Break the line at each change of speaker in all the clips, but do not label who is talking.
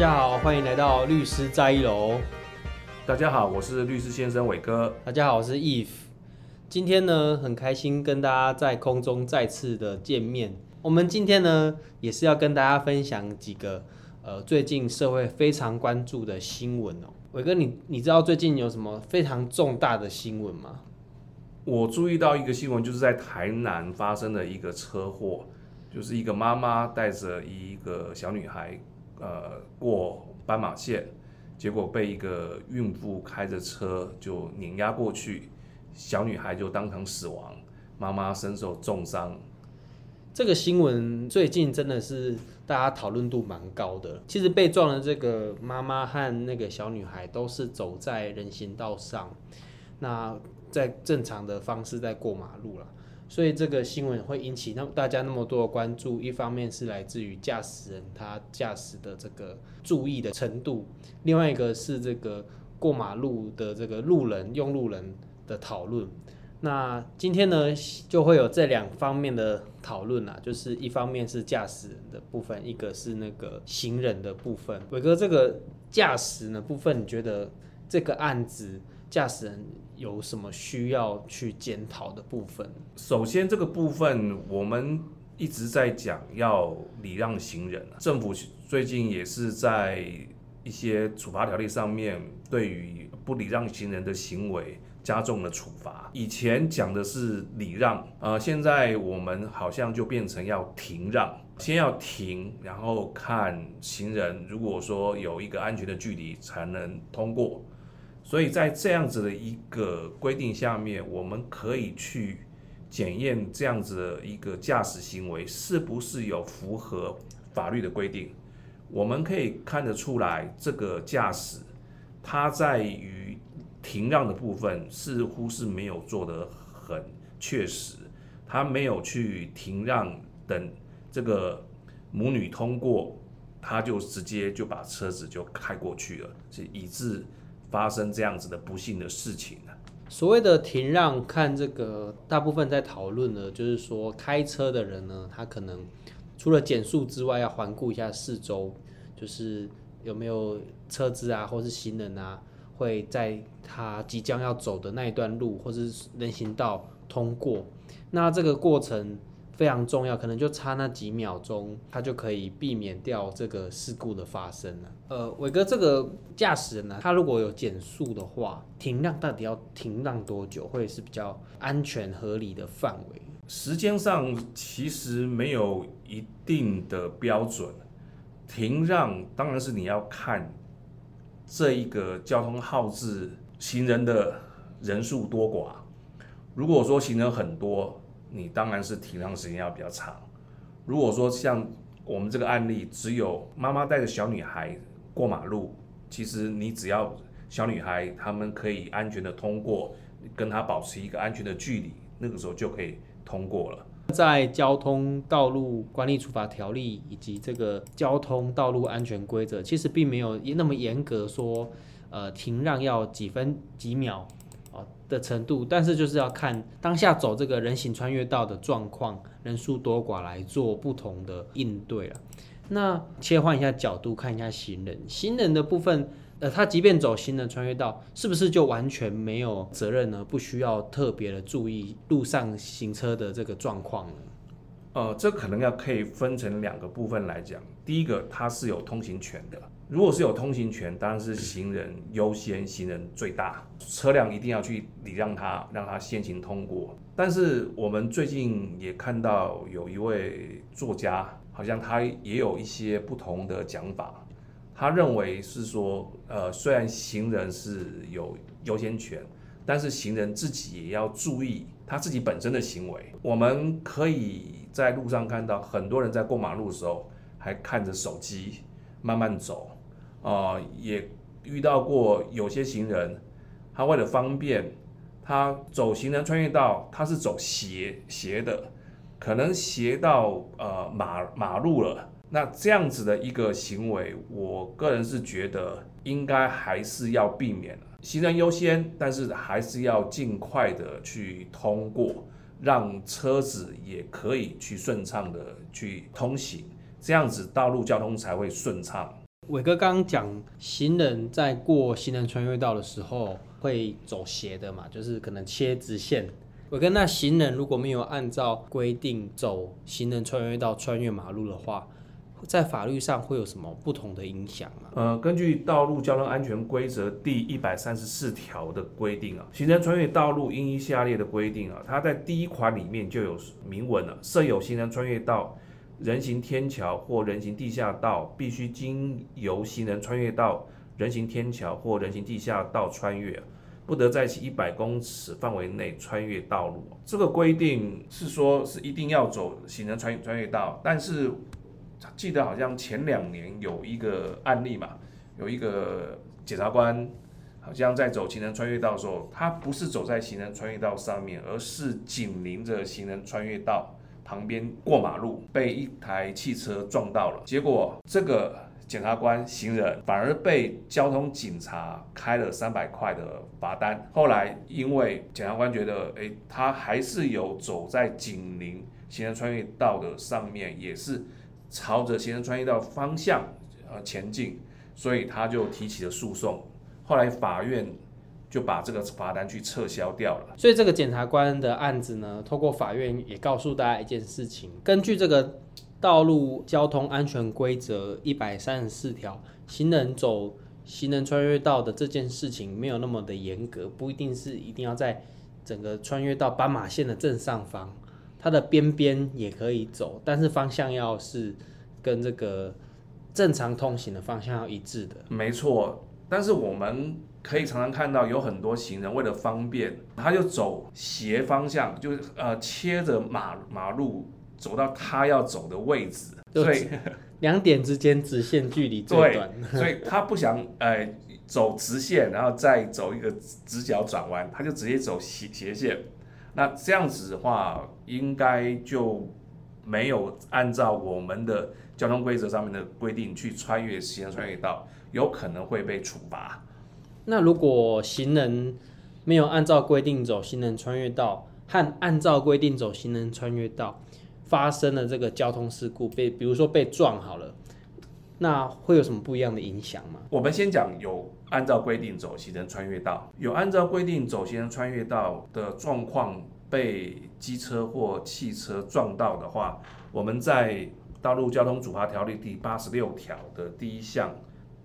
大家好，歡迎來到律師在一樓。大家好，我是律師先生偉哥。大家好，我是 IF。今天呢，很開心跟大家在空中再次的見面。我們今天呢，也是要跟大家分享幾個呃最近社會非常關注的新聞哦。偉哥，你你知道最近有什麼非常重大的
新聞嗎？我注意到一個新聞，就是在台南發生的一個車禍，就是一個媽媽帶着一個小女孩。呃，過斑馬線，結果被一個孕婦開着車就碾壓過去，小女孩就當場死亡，媽媽身受重傷。
這個新聞最近真的是大家討論度蠻高的。其實被撞的這個媽媽和那個小女孩都是走在人行道上，那在正常的方式在過馬路啦。所以這個新聞會引起那麼大家那麼多的關注，一方面是來自於駕駛人他駕駛的這個注意的程度，另外一個是這個過馬路的這個路人、用路人的討論。那今天呢，就會有這兩方面的討論啦、啊，就是一方面是駕駛人的部分，一個是那個行人的部分。瑋哥，這個駕駛呢部分，你覺得這個案子？駕駛人有
什麼需要去檢討的部分？首先，這個部分我們一直在講要禮讓行人。政府最近也是在一些處罰條例上面，對於不禮讓行人的行為加重了處罰。以前講的是禮讓，呃，現在我們好像就變成要停讓，先要停，然後看行人，如果說有一個安全的距離，才能通過。所以在這樣子的一個規定下面，我們可以去檢驗這樣子的一個駕駛行為是不是有符合法律的規定。我們可以看得出來，這個駕駛它在於停讓的部分似乎是沒有做得很確實，他沒有去停讓等這個母女通過，他就直接就把車子就開過去了，以致，發生這樣子的不幸的事情呢、啊？
所謂的停讓，看這個大部分在討論的，就是說開車的人呢，他可能除了減速之外，要環顧一下四周，就是有沒有車子啊，或是行人啊，會在他即將要走的那一段路或是人行道通過。那這個過程。非常重要，可能就差那幾秒鐘，他就可以避免掉這個事故的發生了。呃，偉哥，這個駕駛人呢，他如果有減速的話，停讓到底要停讓多久，會是比較安全合理的範圍？時間上其實
沒有一定的標準，停讓當然是你要看這一個交通號誌、行人的人數多寡。如果說行人很多，你當然是停讓時間要比較長。如果說像我們這個案例，只有媽媽帶着小女孩過馬路，其實你只要小女孩他們可以安全的通過，跟她保持一個安全的距離，那個時候就可以通過了。
在《交通道路管理處罰條例》以及這個《交通道路安全規則》，其實並沒有那麼嚴格說，呃，停讓要幾分幾秒。的程度，但是就是要看當下走這個人行穿越道的狀況，人數多寡來做不同的應對了。那切換一下角度，看一下行人，行人的部分，呃，他即便走行人穿越道，是不是就完全沒有責任
呢？不需要特別的注意路上行車的這個狀況呢？呃，這可能要可以分成兩個部分來講。第一個，他是有通行權的。如果是有通行權，當然是行人優先，行人最大，車輛一定要去禮讓他，讓他先行通過。但是我們最近也看到有一位作家，好像他也有一些不同的講法，他認為是說，呃，雖然行人是有優先權，但是行人自己也要注意他自己本身的行為。我們可以在路上看到很多人在過馬路的時候，還看着手機，慢慢走。啊、呃，也遇到過有些行人，他為了方便，他走行人穿越道，他是走斜斜的，可能斜到呃馬馬路了。那這樣子的一個行為，我個人是覺得應該還是要避免，行人優先，但是還是要盡快的去通過，讓車子也可以去順暢的去通行，這樣子道路交通才會順暢。偉哥剛剛
講，行人在過行人穿越道的時候會走斜的嘛，就是可能切直線。偉哥，那行人如果沒有按照規定走行人穿越道穿越馬路的話，在法律上會有什麼不同的影響嗎？
呃，根據《道路交通安全規則》第一百三十四條的規定啊，行人穿越道路應依下列的規定啊，它在第一款裡面就有明文了，啊，設有行人穿越道、人行天橋或人行地下道必須經由行人穿越道，人行天橋或人行地下道穿越，不得在其一百公尺範圍內穿越道路。這個規定是說，是一定要走行人穿穿越道。但是，記得好像前兩年有一個案例嘛，有一個檢察官好像在走行人穿越道的時候，他不是走在行人穿越道上面，而是緊鄰着行人穿越道。旁邊過馬路，被一台汽車撞到了，結果這個檢察官行人反而被交通警察開了三百塊的罰單。後來因為檢察官覺得，誒、欸，他還是有走在緊鄰行人穿越道的上面，也是朝着行人穿越道方向呃前進，所以他就提起了訴訟。後來法院。就把這個罰單去撤銷掉
了，所以這個檢察官的案子呢，透過法院也告訴大家一件事情：根據這個道路交通安全規則一百三十四條，行人走行人穿越道的這件事情沒有那麼的嚴格，不一定是一定要在整個穿越道斑馬線的正上方，它的邊邊也可以走，
但是方向要是跟這個正常通行的方向要一致的。沒錯，但是我們。可以常常看到有很多行人為了方便，他就走斜方向，就呃切着馬馬路走到他要走的位置。對，
兩點之間直線距離最短。對，所以
他不想呃走直線，然後再走一個直直角轉彎，他就直接走斜斜線。那這樣子的話，應該就沒有按照我們的交通規則上面的規定去穿越時間穿越道，有可能會被處罰。
那如果行人沒有按照規定走行人穿越道，和按照規定走行人穿越道發生了
這個交通事故，被比如說被撞好了，那會有什麼不一樣的影響嗎？我們先講有按照規定走行人穿越道，有按照規定走行人穿越道的狀況被機車或汽車撞到的話，我們在《道路交通處罰條例》第八十六條的第一項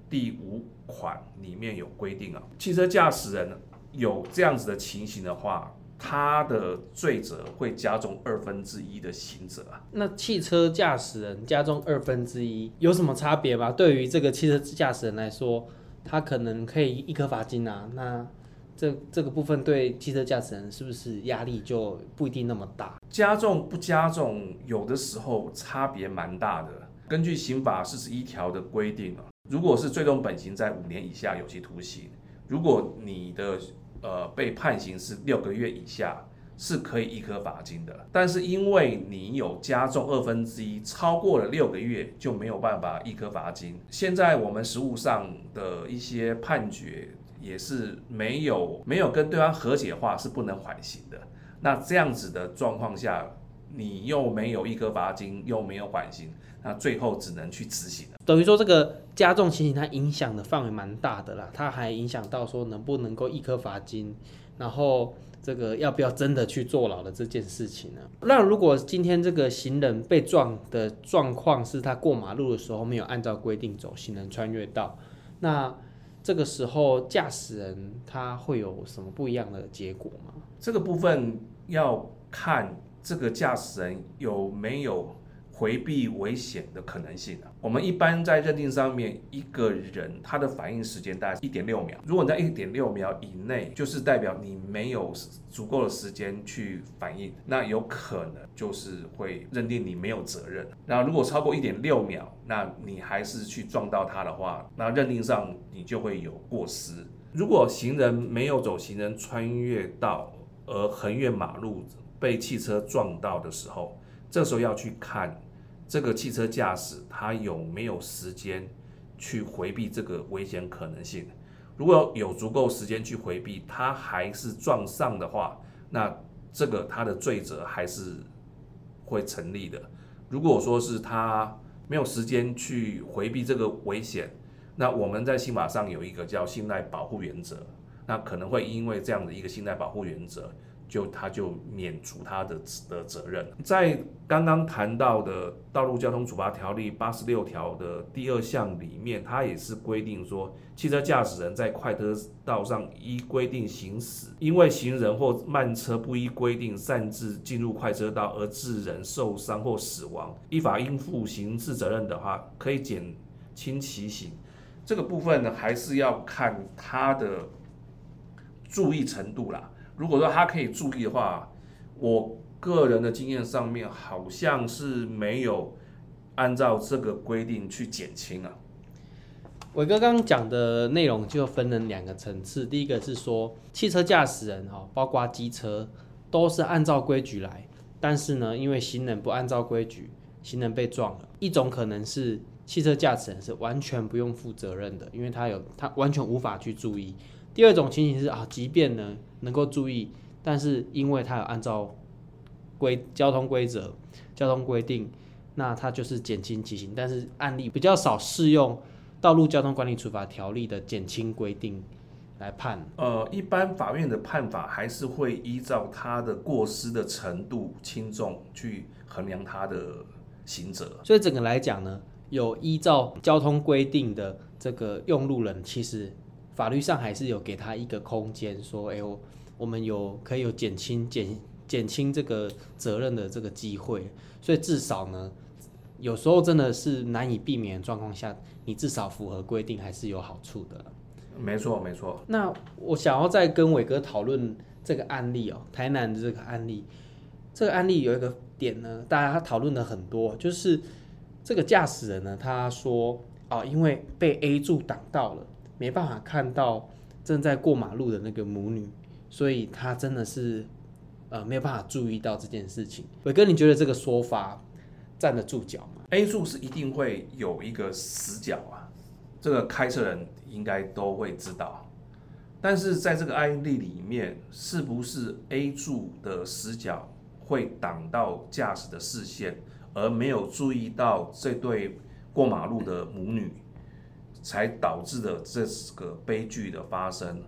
第五。款裡面有規定啊，汽車駕駛人有這樣子的情形的話，他的罪責會加重二分之一的刑責啊。
那汽車駕駛人加重二分之一有什麼差別嗎？對於這個汽車駕駛人來說，他可能可以易科罰金啊。那這這個部分對汽車
駕駛人是不是壓力就不一定那麼大？加重不加重，有的時候差別蠻大的。根據刑法四十一條的規定啊。如果是最重本刑在五年以下有期徒刑，如果你的呃被判刑，是六個月以下，是可以易科罰金的。但是因為你有加重二分之一，2, 超過了六個月就沒有辦法易科罰金。現在我們實務上的一些判決也是沒有沒有跟對方和解的話，是不能緩刑的。那這樣子的狀況下，你又沒有易科罰金，又沒有緩刑，那最後只能去執行。
等於說這個加重情形，它影響的範圍蠻大的啦，它還影響到說能不能夠易科罰金，然後這個要不要真的去坐牢的這件事情呢，啊。那如果今天這個行人被撞的狀況是他過馬路的時候沒有按照規定走行人穿越道，那這個時候駕駛人他會有什麼不一樣的結果嗎？
這個部分要看這個駕駛人有沒有回避危險的可能性啊。我們一般在認定上面，一個人他的反應時間大概是一點六秒。如果你在一點六秒以內，就是代表你沒有足夠的時間去反應，那有可能就是會認定你沒有責任。那如果超過一點六秒，那你還是去撞到他的話，那認定上你就會有過失。如果行人沒有走行人穿越道而橫越馬路被汽車撞到的時候，這時候要去看。這個汽車駕駛他有沒有時間去迴避這個危險可能性？如果有足夠時間去迴避，他還是撞上的話，那這個他的罪責還是會成立的。如果說是他沒有時間去迴避這個危險，那我們在刑法上有一個叫信賴保護原則，那可能會因為這樣的一個信賴保護原則。就他就免除他的的責任。在剛剛談到的《道路交通處罰條例》八十六條的第二項裡面，他也是規定說，汽車駕駛人在快車道上依規定行駛，因為行人或慢車不依規定擅自進入快車道而致人受傷或死亡，依法應負刑事責任的話，可以減輕其刑。這個部分呢，還是要看他的注意程度啦。如果說他可以注意的話，我個人的經驗上面好像是沒有按照這個規定去減輕啊。瑋哥剛剛
講的內容，就分了兩個層次，第一個是說汽車駕駛人哈，包括機車都是按照規矩來，但是呢，因為行人不按照規矩，行人被撞了，一種可能是汽車駕駛人是完全不用負責任的，因為他有他完全無法去注意。第二種情形是啊，即便呢，能夠注意，但是因為他有按照規交通規則、交通規定，那他就是減輕其刑，但是案例比較少適用《道路交通管理處罰
條例》的減輕規定來判。呃，一般法院的判法還是會依照他的過失的程度輕重去衡量他的刑責。
所以整個來講呢，有依照交通規定的這個用路人其實。法律上還是有給他一個空間，說，哎、欸，我我們有可以有減輕減減輕這個責任的這個機會，所以至少呢，有時候真的是難以避免的狀況下，你至少符合規定還是有好處的。
沒錯，
沒錯。那我想要再跟偉哥討論這個案例哦，台南的這個案例，這個案例有一個點呢，大家討論的很多，就是這個駕駛人呢，他說啊、哦，因為被 A 柱擋到了。沒辦法看到正在過馬路的那個母女，所以她真的是呃沒有辦法注意到這件事情。瑋哥，你覺得這個說法
站得住腳嗎？A 柱是一定會有一個死角啊，這個開車人應該都會知道。但是在這個案例裡面，是不是 A 柱的死角會擋到駕駛的視線，而沒有注意到這對過馬路的母女？嗯才導致的這個悲劇的發生，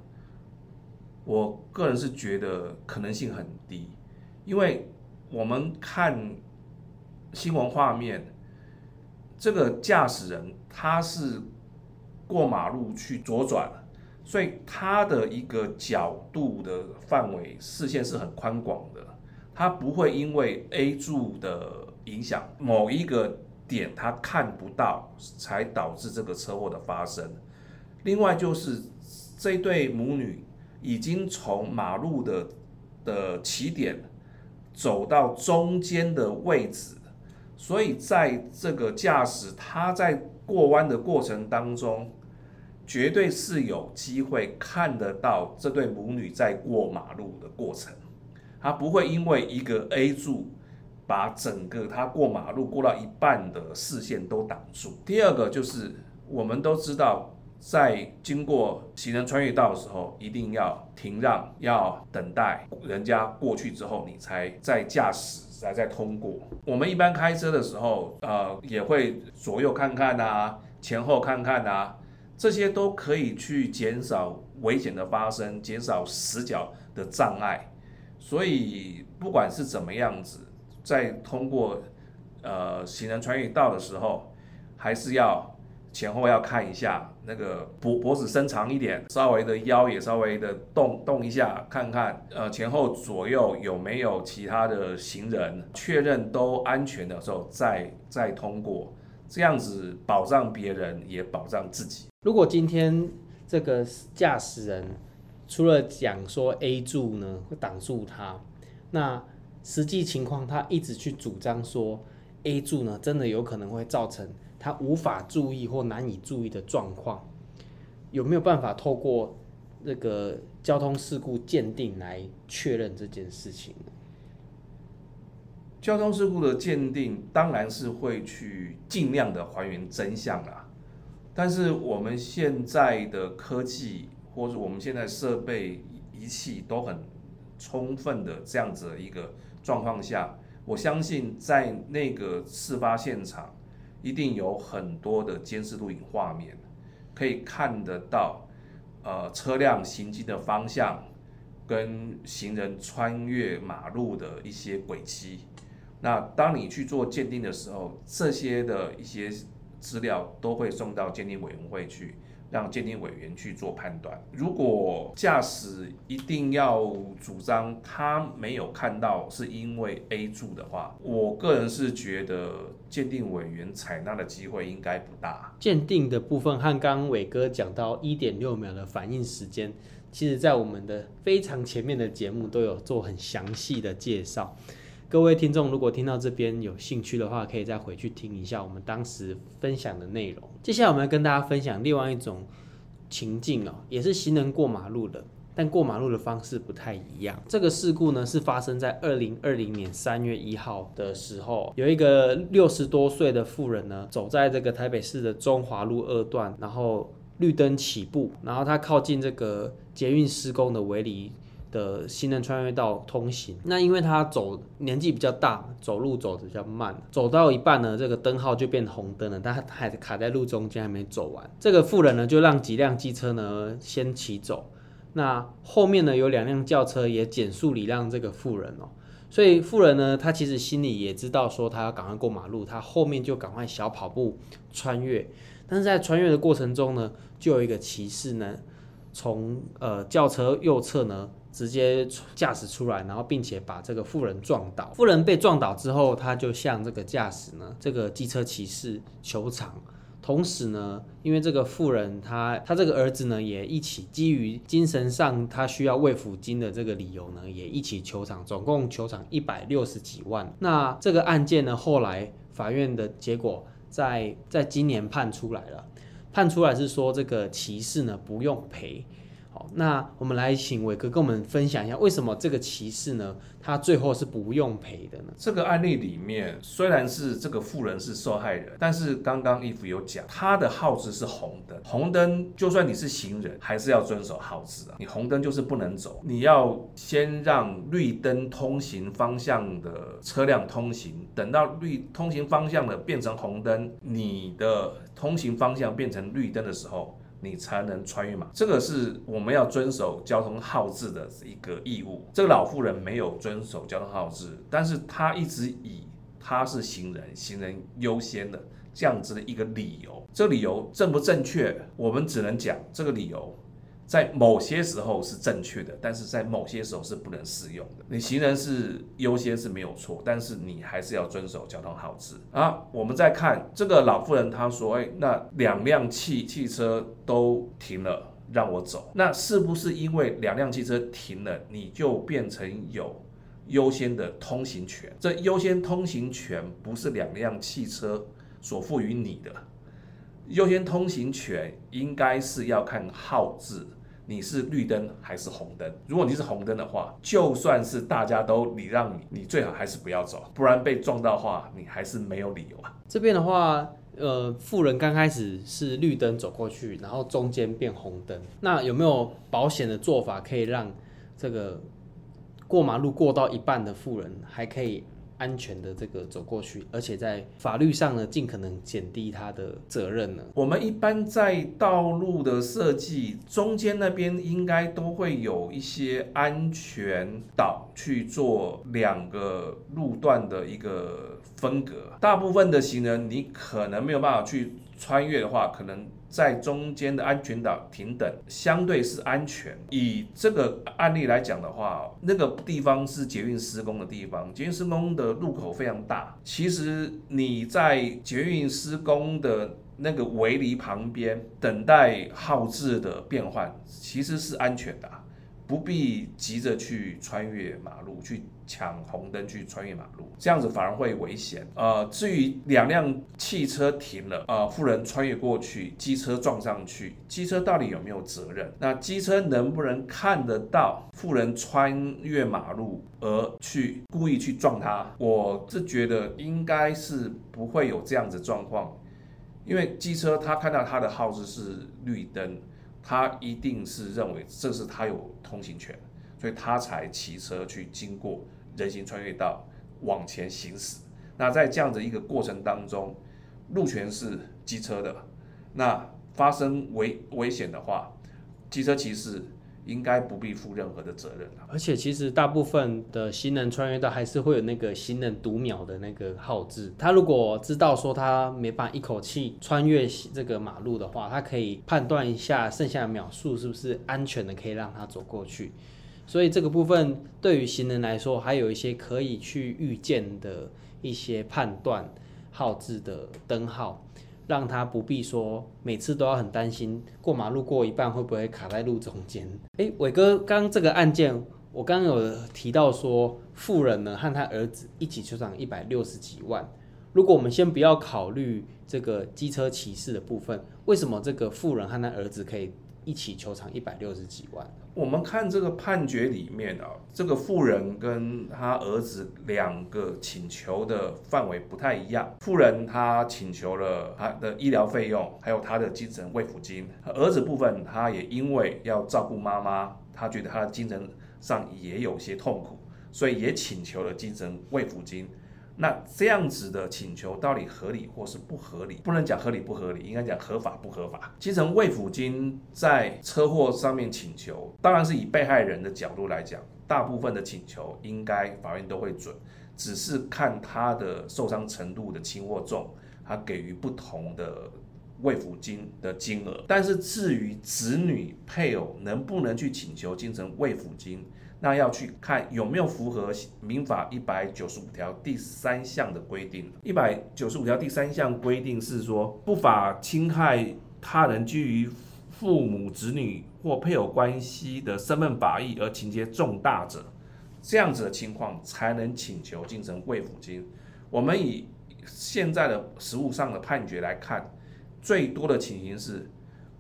我個人是覺得可能性很低，因為我們看新聞畫面，這個駕駛人他是過馬路去左轉，所以他的一個角度的範圍視線是很寬廣的，他不會因為 A 柱的影響某一個。點他看不到，才導致這個車禍的發生。另外就是這對母女已經從馬路的的起點走到中間的位置，所以在這個駕駛他在過彎的過程當中，絕對是有機會看得到這對母女在過馬路的過程，他不會因為一個 A 柱，把整個他過馬路過到一半的視線都擋住。第二個就是我們都知道，在經過行人穿越道的時候，一定要停讓，要等待人家過去之後，你才再駕駛才再通過。我們一般開車的時候，呃，也會左右看看吶、啊，前後看看吶、啊，這些都可以去減少危險的發生，減少死角的障礙。所以，不管是怎麼樣子。在通過，呃，行人穿越道的時候，還是要前後要看一下，那個脖脖子伸長一點，稍微的腰也稍微的動動一下，看看，呃，前後左右有沒有其他的行人，確認都安全的時候，再再通過，這樣子保障別人也保障自己。如果今
天這個駕駛人除了講說 A 柱呢會擋住他，那。實際情況，他一直去主張說，A 柱呢，真的有可能會造成他無法注意或難以注意的狀況，有沒有辦法透過那個交通事故鑑定來確
認這件事情？交通事故的鑑定當然是會去盡量的還原真相啦，但是我們現在的科技或者是我們現在設備儀器都很充分的這樣子的一個。狀況下，我相信在那個事發現場，一定有很多的監視錄影畫面，可以看得到，呃，車輛行經的方向，跟行人穿越馬路的一些軌跡。那當你去做鑑定的時候，這些的一些資料都會送到鑑定委員會去。讓鑑定委員去做判斷。如果駕駛一定要主張他沒有看到是因為 A 柱的話，我個人是覺得鑑定委員採納的機會應該不大。
鑑定的部分和剛瑋哥講到一點六秒的反應時間，其實在我們的非常前面的節目都有做很詳細的介紹。各位聽眾，如果聽到這邊有興趣的話，可以再回去聽一下我們當時分享的內容。接下來我們要跟大家分享另外一種情境哦，也是行人過馬路的，但過馬路的方式不太一樣。這個事故呢是發生在二零二零年三月一號的時候，有一個六十多歲的婦人呢，走在這個台北市的中華路二段，然後綠燈起步，然後她靠近這個捷運施工的圍籬。的行人穿越道通行，那因為他走年紀比較大，走路走的比較慢，走到一半呢，這個燈號就變紅燈了，他還卡在路中間還沒走完。這個婦人呢就讓幾輛機車呢先騎走，那後面呢有兩輛轎車也減速禮讓這個婦人哦，所以婦人呢他其實心裡也知道說他要趕快過馬路，他後面就趕快小跑步穿越。但是在穿越的過程中呢，就有一個騎士呢從呃轎車右側呢。直接駕駛出來，然後並且把這個婦人撞倒。婦人被撞倒之後，他就向這個駕駛呢，這個機車騎士求償。同時呢，因為這個婦人他他這個兒子呢也一起，基於精神上他需要慰撫金的這個理由呢，也一起求償，總共求償一百六十幾萬。那這個案件呢，後來法院的結果在在今年判出來了，判出來是說這個騎士呢不用賠。那我們來請瑋哥跟我們分享一下，為什麼這個騎
士呢，他最後是不用賠的呢？這個案例裡面，雖然是這個富人是受害人，但是剛剛 IF 有講，他的號誌是紅燈，紅燈就算你是行人，還是要遵守號誌啊，你紅燈就是不能走，你要先讓綠燈通行方向的車輛通行，等到綠通行方向的變成紅燈，你的通行方向變成綠燈的時候。你才能穿越嘛。這個是我們要遵守交通號誌的一個義務。這個老婦人沒有遵守交通號誌，但是她一直以她是行人，行人優先的這樣子的一個理由，這個理由正不正確？我們只能講這個理由，在某些時候是正確的，但是在某些時候是不能適用的。你行人是優先是沒有錯，但是你還是要遵守交通號志啊。我們再看這個老婦人，她說：“哎，那兩輛汽汽車都停了，讓我走。那是不是因為兩輛汽車停了，你就變成有優先的通行權？這優先通行權不是兩輛汽車所賦予你的，優先通行權應該是要看號誌。”你是綠燈還是紅燈？如果你是紅燈的話，就算是大家都禮讓你，你最好還是不要走，不然被撞到的話，你還是沒有理由啊。這邊的話，呃，行人剛
開始是綠燈走過去，然後中間變紅燈。那有沒有保險的做法，可以讓這個過馬路過到一半的行人還可以？安全的這個走過去，而且在法
律上呢，盡可能減低他的責任呢。我們一般在道路的設計中間那邊應該都會有一些安全島去做兩個路段的一個分隔。大部分的行人你可能沒有辦法去穿越的話，可能。在中間的安全島停等，相對是安全。以這個案例來講的話，那個地方是捷運施工的地方，捷運施工的路口非常大。其實你在捷運施工的那個圍籬旁邊等待號誌的變換，其實是安全的。不必急着去穿越馬路，去搶紅燈，去穿越馬路，這樣子反而會危險。呃，至於兩輛汽車停了，呃，行人穿越過去，機車撞上去，機車到底有沒有責任？那機車能不能看得到行人穿越馬路而去故意去撞他？我是覺得應該是不會有這樣子狀況，因為機車他看到他的號誌是綠燈，他一定是認為這是他有。通行權，所以他才騎車去經過人行穿越道往前行駛。那在這樣的一個過程當中，路權是機車的。那發生危危險的話，機車騎士應該不必負任何的責任啊！
而且其實大部分的行人穿越道還是會有那個行人讀秒的那個號誌。他如果知道說他沒辦法一口氣穿越這個馬路的話，他可以判斷一下剩下的秒數是不是安全的，可以讓他走過去。所以這個部分對於行人來說，還有一些可以去預見的一些判斷號誌的燈號。讓他不必說每次都要很擔心過馬路過一半會不會卡在路中間。誒，偉哥，剛剛這個案件，我剛剛有提到說婦人呢和他兒子一起求償一百六十幾萬。如果我們先不要考慮這個機車騎士的部分，為什麼這個婦人和他兒子可以？
一起求償一百六十幾萬。我們看這個判決裡面啊，這個婦人跟他兒子兩個請求的範圍不太一樣。婦人他請求了他的醫療費用，還有他的精神慰撫金。兒子部分，他也因為要照顧媽媽，他覺得他的精神上也有些痛苦，所以也請求了精神慰撫金。那這樣子的請求到底合理或是不合理？不能講合理不合理，應該講合法不合法。精神慰撫金在車禍上面請求，當然是以被害人的角度來講，大部分的請求應該法院都會准，只是看他的受傷程度的輕或重，他給予不同的慰撫金的金額。但是至於子女、配偶能不能去請求精神慰撫金？那要去看有沒有符合民法一百九十五條第三項的規定。一百九十五條第三項規定是說，不法侵害他人基於父母、子女或配偶關係的身份法益而情節重大者，這樣子的情況才能請求精神慰撫金。我們以現在的實務上的判決來看，最多的情形是，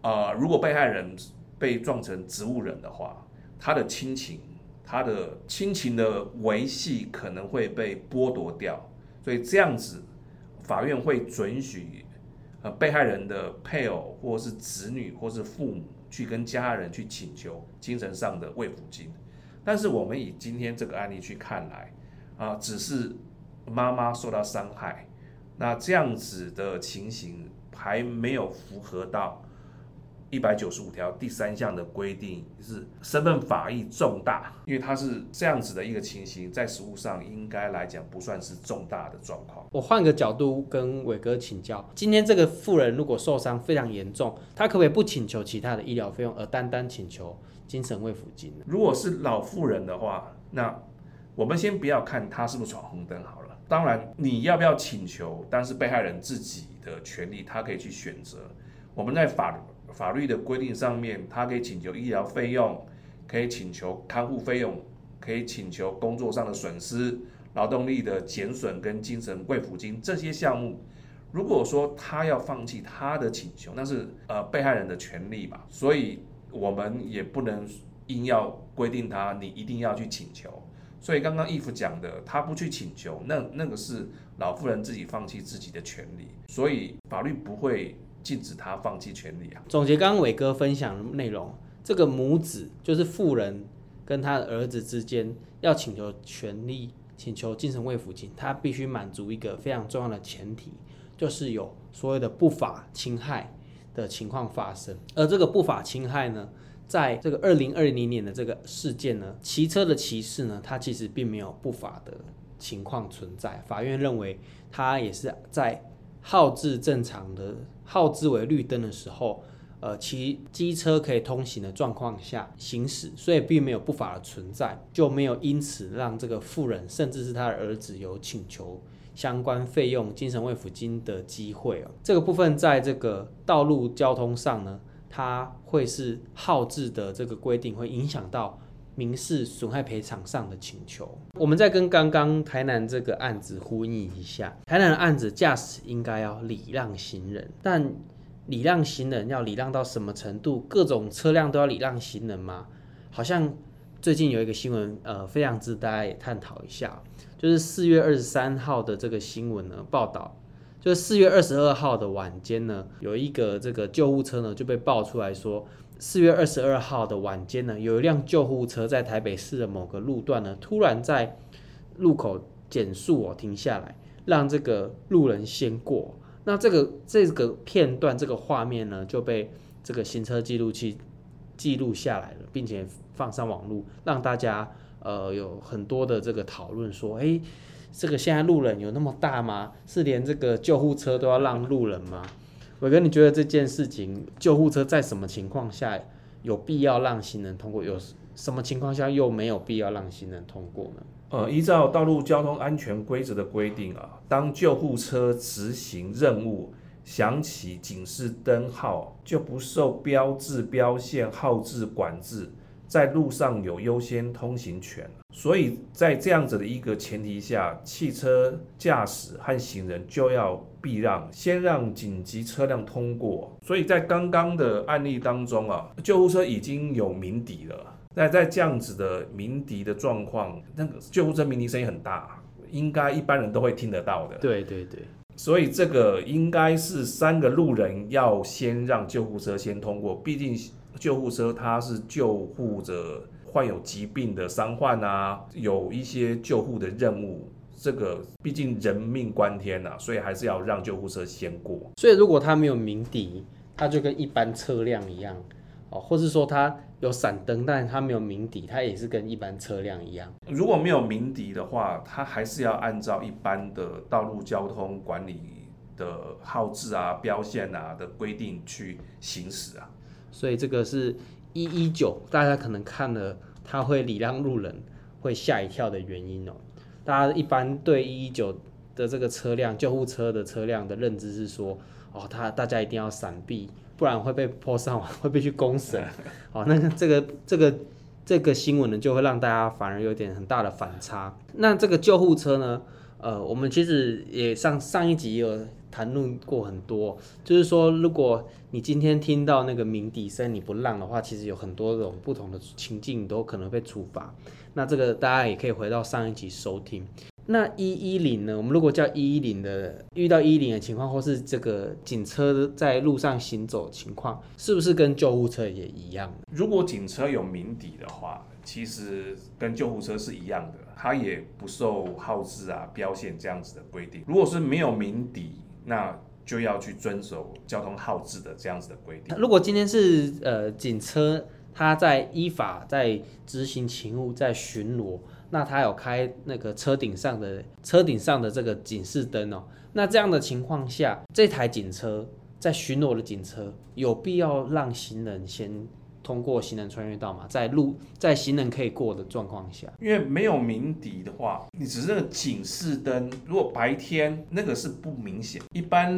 呃，如果被害人被撞成植物人的話，他的親情。他的親情的維繫可能會被剝奪掉，所以這樣子，法院會准許呃被害人的配偶或是子女或是父母去跟家人去請求精神上的慰撫金。但是我們以今天這個案例去看來，啊，只是媽媽受到傷害，那這樣子的情形還沒有符合到。一百九十五條第三項的規定是身份法益重大，因為它是這樣子的一個情形，在實務上應該來講不算是重大的狀況。
我換個角度跟瑋哥請教，今天這個婦人如果受傷非常嚴重，他可不可以不請求其他的醫
療費用，而單單請求精神慰撫金呢？如果是老婦人的話，那我們先不要看他是不是闖紅燈好了。當然，你要不要請求，但是被害人自己的權利，他可以去選擇。我們在法律。法律的規定上面，他可以請求醫療費用，可以請求看護費用，可以請求工作上的損失、勞動力的減損跟精神慰撫金這些項目。如果說他要放棄他的請求，那是呃被害人的權利吧，所以我們也不能硬要規定他，你一定要去請求。所以剛剛 IF 講的，他不去請求，那那個是老婦人自己放棄自己的權利，所以法律不會。禁止他放棄權利啊！
總結剛剛偉哥分享的內容，這個母子就是婦人跟他兒子之間要請求權利，請求精神慰撫金，他必須滿足一個非常重要的前提，就是有所謂的不法侵害的情況發生。而這個不法侵害呢，在這個二零二零年的這個事件呢，騎車的騎士呢，他其實並沒有不法的情況存在。法院認為他也是在。號誌正常的號誌為綠燈的時候，呃，騎機車可以通行的狀況下行駛，所以並沒有不法的存在，就沒有因此讓這個婦人，甚至是他的兒子有請求相關費用、精神慰撫金的機會哦。這個部分在這個道路交通上呢，它會是號誌的這個規定會影響到。民事損害賠償上的請求，我們再跟剛剛台南這個案子呼應一下。台南的案子，駕駛應該要禮讓行人，但禮讓行人要禮讓到什麼程度？各種車輛都要禮讓行人嗎？好像最近有一個新聞，呃，非常值得大家也探討一下，就是四月二十三號的這個新聞呢，報道就是四月二十二號的晚間呢，有一個這個救護車呢就被爆出來說。四月二十二號的晚間呢，有一輛救護車在台北市的某個路段呢，突然在路口減速哦，停下來，讓這個路人先過。那這個這個片段、這個畫面呢，就被這個行車記錄器記錄下來了，並且放上網路，讓大家呃有很多的這個討論，說：欸，這個現在路人有那麼大嗎？是連這個救護車都要讓路人嗎？瑋哥，你覺得這件事情，救護車在什麼情況下有必要讓行人通過？有什麼情況下又沒有必要讓行人通過
呢？呃，依照道路交通安全規則的規定啊，當救護車執行任務，響起警示燈號，就不受標誌標線號誌管制，在路上有優先通行權。所以在這樣子的一個前提下，汽車駕駛和行人就要避讓，先讓緊急車輛通過。所以在剛剛的案例當中啊，救護車已經有鳴笛了。那在這樣子的鳴笛的狀況，那個救護車鳴笛聲音很大，應該一般人都會聽得到的。對對對。所以這個應該是三個路人要先讓救護車先通過，畢竟救護車它是救護着患有疾病的傷患啊，有一些救護的任務。這個畢竟人命關天吶、啊，所以還是要讓救護車先過。所以如果它沒有鳴笛，它就跟一般車輛一樣
哦，或是說它有閃燈，但它沒有鳴笛，它也是跟一般車輛一樣。如果沒有
鳴笛的話，它還是要按照一般的道路交通管理的號志啊、標線啊的規定去行駛啊。所以這個
是一一九，大家可能看了它會禮讓路人，會嚇一跳的原因哦、喔。大家一般對一一九的這個車輛，救護車的車輛的認知是說，哦，他大家一定要閃避，不然會被 PO 上網，會被去公審。好、 哦，那這個這個這個新聞呢，就會讓大家反而有點很大的反差。那這個救護車呢，呃，我們其實也上上一集有談論過很多，就是說，如果你今天聽到那個鳴笛聲，你不讓的話，其實有很多種不同的情境都可能會被處罰。那這個大家也可以回到上一集收聽。那一一零呢？我們如果叫一一零的，遇到一一零的情況，或是這個警車在路上行走的情況，是不是跟救護車也
一樣？如果警車有鳴笛的話，其實跟救護車是一樣的，它也不受號誌啊、標線這樣子的規定。如果是沒有鳴笛，那就要去遵守交通號誌的這樣子的規定。
如果今天是呃警車。他在依法在執行勤務，在巡邏。那他有開那個車頂上的車頂上的這個警示燈哦。那這樣的情況下，這台警車在巡邏的警車，有必要讓行人先。通過行人穿越道嘛，在路在行人可以過的狀況下，
因為沒有鳴笛的話，你只是個警示燈。如果白天那個是不明顯，一般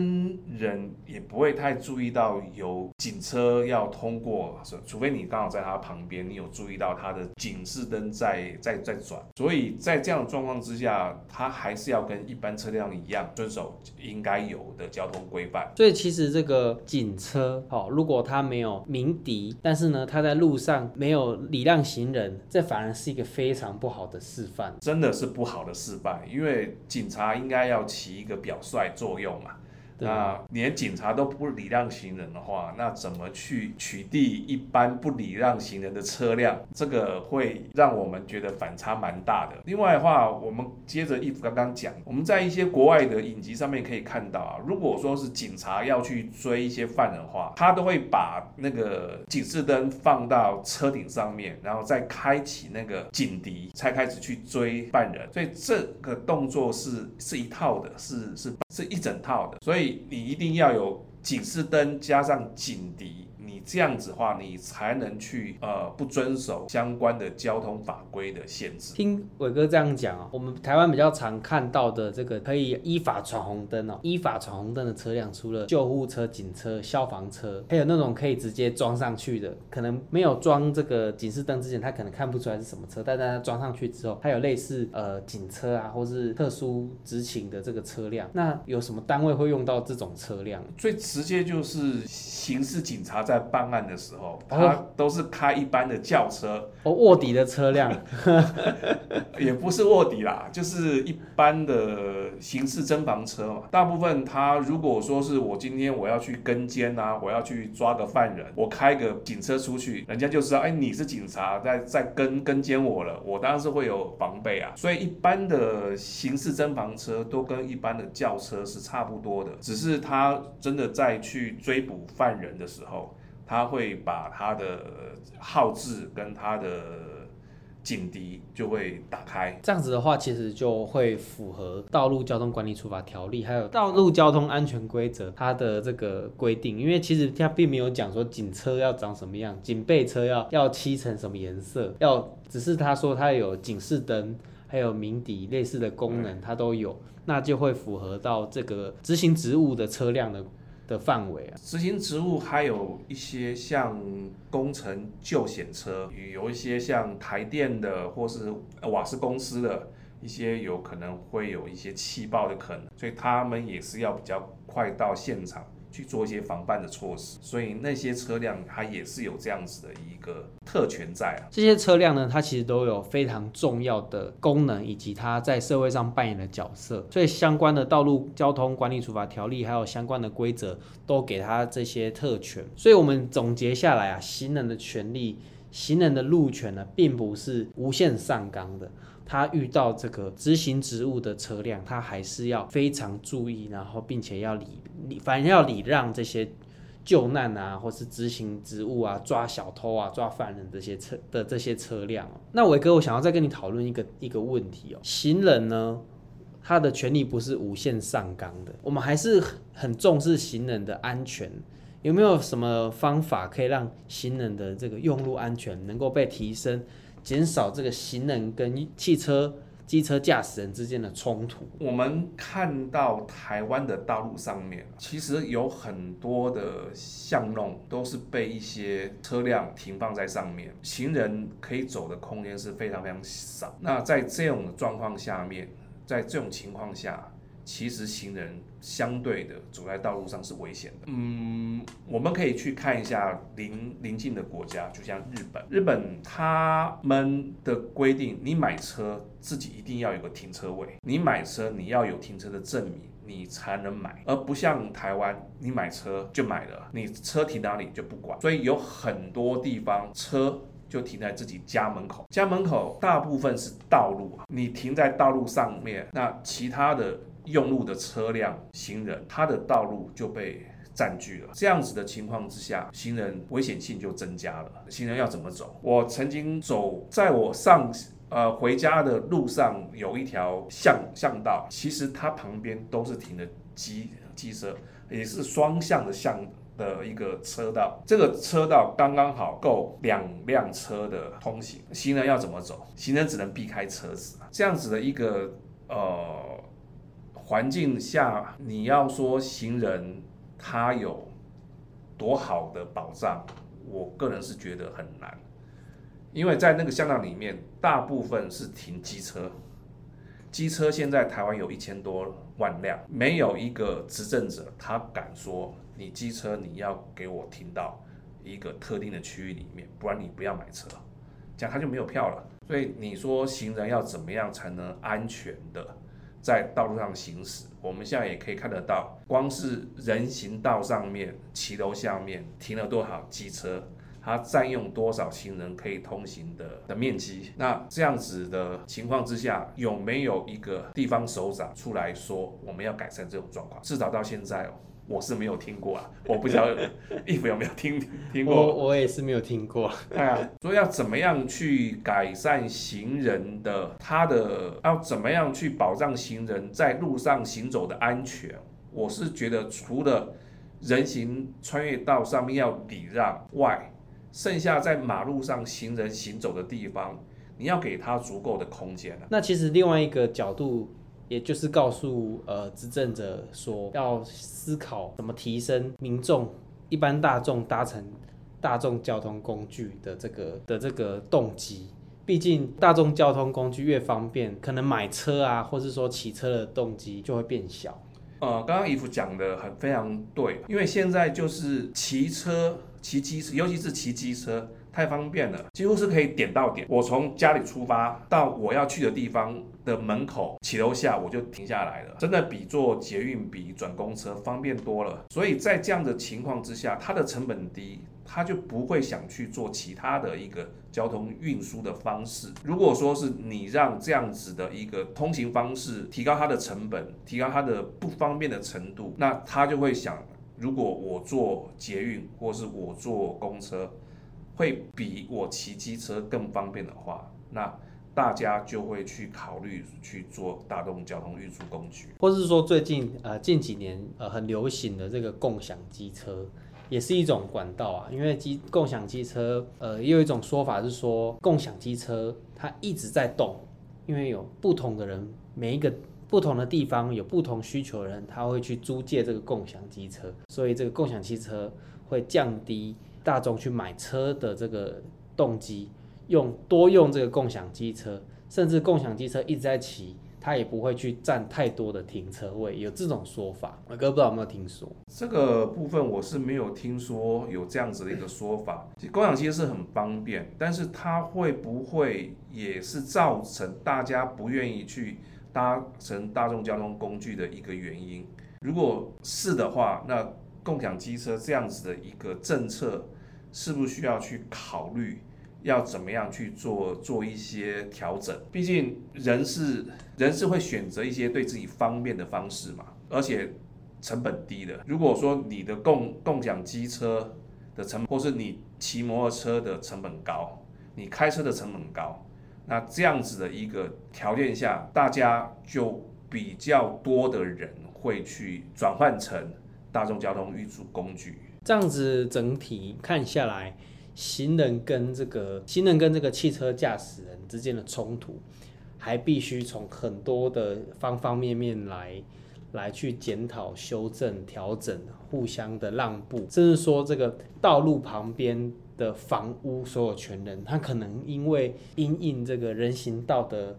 人也不會太注意到有警車要通過，除非你剛好在他旁邊，你有注意到他的警示燈在在在轉。所以在這樣的狀況之下，他還是要跟一般車輛一樣遵守應該有的交通規範。
所以其實這個警車，好，如果他沒有鳴笛，但是呢。他在路上沒有禮讓行人，這反而是一個非常不好的示範，
真的是不好的示範，因為警察應該要起一個表率作用嘛。對那連警察都不禮讓行人的話，那怎麼去取締一般不禮讓行人的車輛？這個會讓我們覺得反差蠻大的。另外的話，我們接着 IF 剛剛講，我們在一些國外的影集上面可以看到啊，如果說是警察要去追一些犯人的話，他都會把那個警示燈放到車頂上面，然後再開啟那個警笛，才開始去追犯人。所以這個動作是是一套的，是是。是一整套的，所以你一定要有警示燈加上警笛，你這樣子的話，你才能去呃不遵守相關的交通法規的限制。聽瑋哥這
樣講哦，我們台灣比較常看到的這個可以依法闖紅燈哦，依法闖紅燈的車輛，除了救護車、警車、消防車，還有那種可以直接裝上去的，可能沒有裝這個警示燈之前，他可能看不出來是什麼車，但是他裝上去之後，他有類似呃警車啊，或是特殊執勤的這個車輛。那有什麼單位會用到這種車輛？
最直接就是刑事警察在。辦案的時候，他都是開一般的轎車。哦，臥底的車輛， 也不是臥底啦，就是一般的刑事偵防車嘛。大部分他如果說是我今天我要去跟監吶、啊，我要去抓個犯人，我開個警車出去，人家就知道哎你是警察在在跟跟監我了，我當然是會有防備啊。所以一般的刑事偵防車都跟一般的轎車是差不多的，只是他真的在去追捕犯人的時候。他會把他的號志跟他的警笛就會打開，這
樣子的話，其實就會符合《道路交通管理處罰條例》還有《道路交通安全規則》它的這個規定。因為其實它並沒有講說警車要長什麼樣，警備車要要漆成什麼顏色，要只是他說它有警示燈，還有鳴笛類似的功能，它都有，那就會符合到這個執行職務的車輛的的範圍啊，
執行職務，還有一些像工程救險車，與有一些像台電的或是瓦斯公司的一些，有可能會有一些氣爆的可能，所以他們也是要比較快到現場。去做一些防範的措施，所以那些車輛它也是有這樣子的一個特權在啊。
這些車輛呢，它其實都有非常重要的功能以及它在社會上扮演的角色，所以相關的道路交通管理處罰條例還有相關的規則都給它這些特權。所以我們總結下來啊，行人的權利。行人的路權呢，並不是無限上綱的。他遇到這個執行職務的車輛，他還是要非常注意，然後並且要禮禮，反正要禮讓這些救難啊，或是執行職務啊、抓小偷啊、抓犯人這些車的這些車輛。那瑋哥，我想要再跟你討論一個一個問題哦、喔。行人呢，他的權利不是無限上綱的。我們還是很重視行人的安全。有沒有什麼方法可以讓行人的這個用路安全能夠被提升，減少這個行人跟汽車、機車駕駛人之間的衝突？
我們看到台灣的道路上面，其實有很多的巷弄都是被一些車輛停放在上面，行人可以走的空間是非常非常少。那在這種狀況下面，在這種情況下，其實行人相對的走在道路上是危險的。嗯，我們可以去看一下鄰鄰近的國家，就像日本。日本他們的規定，你買車自己一定要有個停車位，你買車你要有停車的證明，你才能買。而不像台灣，你買車就買了，你車停哪裡就不管。所以有很多地方車就停在自己家門口，家門口大部分是道路，你停在道路上面，那其他的。用路的車輛、行人，他的道路就被佔據了。這樣子的情況之下，行人危險性就增加了。行人要怎麼走？我曾經走在我上呃回家的路上，有一條巷巷道，其實它旁邊都是停的機機車，也是雙向的巷的一個車道。這個車道剛剛好夠兩輛車的通行。行人要怎麼走？行人只能避開車子。這樣子的一個呃。環境下，你要說行人他有多好的保障，我個人是覺得很難，因為在那個巷道裡面，大部分是停機車，機車現在台灣有一千多萬輛，沒有一個執政者他敢說你機車你要給我停到一個特定的區域裡面，不然你不要買車，這樣他就沒有票了。所以你說行人要怎麼樣才能安全的？在道路上行駛，我們現在也可以看得到，光是人行道上面、騎樓下面停了多少機車，它佔用多少行人可以通行的的面積。那這樣子的情況之下，有沒有一個地方首長出來說我們要改善這種狀況？至少到現在哦。我是沒有聽過啊，我不知道 IF 有沒有聽聽聽過。我
我也是沒有聽過。
哎呀，所以 要怎麼樣去改善行人的他的、的要怎麼樣去保障行人在路上行走的安全？我是覺得除了人行穿越道上面要禮讓外，剩下在馬路上行人行走的地方，你要給他足夠的空間啊。
那其實另外一個角度。也就是告訴呃執政者說，要思考怎麼提升民眾一般大眾搭乘大眾交通工具的這個的這個動機。畢竟大眾交通工具越方便，可能買車啊，或是說騎車的動機就會變小。
呃，剛剛 IF 講的很非常對，因為現在就是騎車、騎機車，尤其是騎機車太方便了，幾乎是可以點到點。我從家裡出發到我要去的地方的門口騎樓下我就停下來了，真的比坐捷運比轉公車方便多了。所以在這樣的情況之下，它的成本低，他就不會想去做其他的一個交通運輸的方式。如果說是你讓這樣子的一個通行方式提高它的成本，提高它的不方便的程度，那他就會想，如果我坐捷運或是我坐公車，會比我騎機車更方便的話，那。大家就會去考慮去做大眾交通運輸工具，
或是說最近呃近幾年呃很流行的這個共享機車，也是一種管道啊。因為機共享機車，呃，也有一種說法是說共享機車它一直在動，因為有不同的人，每一個不同的地方有不同需求的人，他會去租借這個共享機車，所以這個共享機車會降低大眾去買車的這個動機。用多用這個共享機車，甚至共享機車一直在騎，它也不會去佔太多的停車位，有這種說法，瑋哥不知道有沒有聽
說？這個部分我是沒有聽說有這樣子的一個說法。其實共享機車是很方便，但是它會不會也是造成大家不願意去搭乘大眾交通工具的一個原因？如果是的話，那共享機車這樣子的一個政策，是不是需要去考慮？要怎麼樣去做做一些調整？畢竟人是人是會選擇一些對自己方便的方式嘛，而且成本低的。如果說你的共共享機車的成本，或是你騎摩托車的成本高，你開車的成本高，那這樣子的一個條件下，大家就比較多的人會去轉換成大眾交通運輸工具。
這樣子整體看下來，行人跟這個行人跟這個汽車駕駛人之間的衝突，還必須從很多的方方面面來來去檢討、修正、調整、互相的讓步，甚至說這個道路旁邊的房屋所有權人，他可能因為因應這個人行道的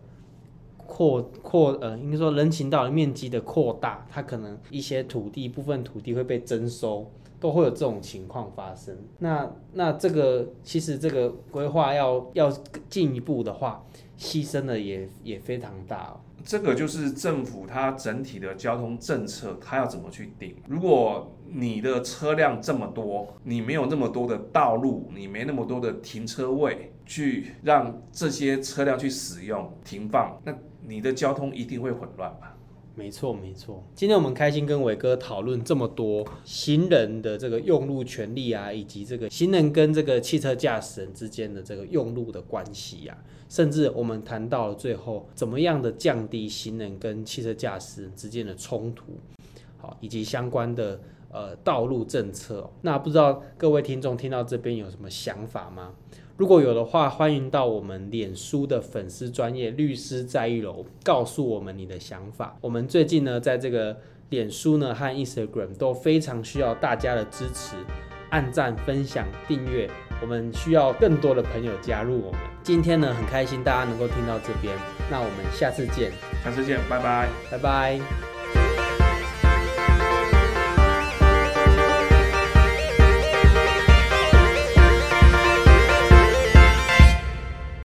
擴擴呃，應該說人行道的面積的擴大，他可能一些土地部分土地會被徵收。都會有這種情況發生。那那這個其實這個規劃要要進一步的話，犧牲的也也非常大
哦。這個就是政府它整體的交通政策，它要怎麼去定？如果你的車輛這麼多，你沒有那麼多的道路，你沒那麼多的停車位去讓這些車輛去使用停放，那你的交通一定會混亂吧？沒錯，沒錯。
今天我們開心跟瑋哥討論這麼多行人的這個用路權利啊，以及這個行人跟這個汽車駕駛人之間的這個用路的關係啊，甚至我們談到了最後怎麼樣的降低行人跟汽車駕駛人之間的衝突，好，以及相關的呃道路政策。那不知道各位聽眾聽到這邊有什麼想法嗎？如果有的話，歡迎到我們臉書的粉絲專頁，律師在一樓告訴我們你的想法。我們最近呢，在這個臉書呢和 Instagram 都非常需要大家的支持，按贊、分享、訂閱，我們需要更多的朋友加入我們。今天呢，很開心大家能夠聽到這邊，那我們下次見，下次見，拜拜，拜拜。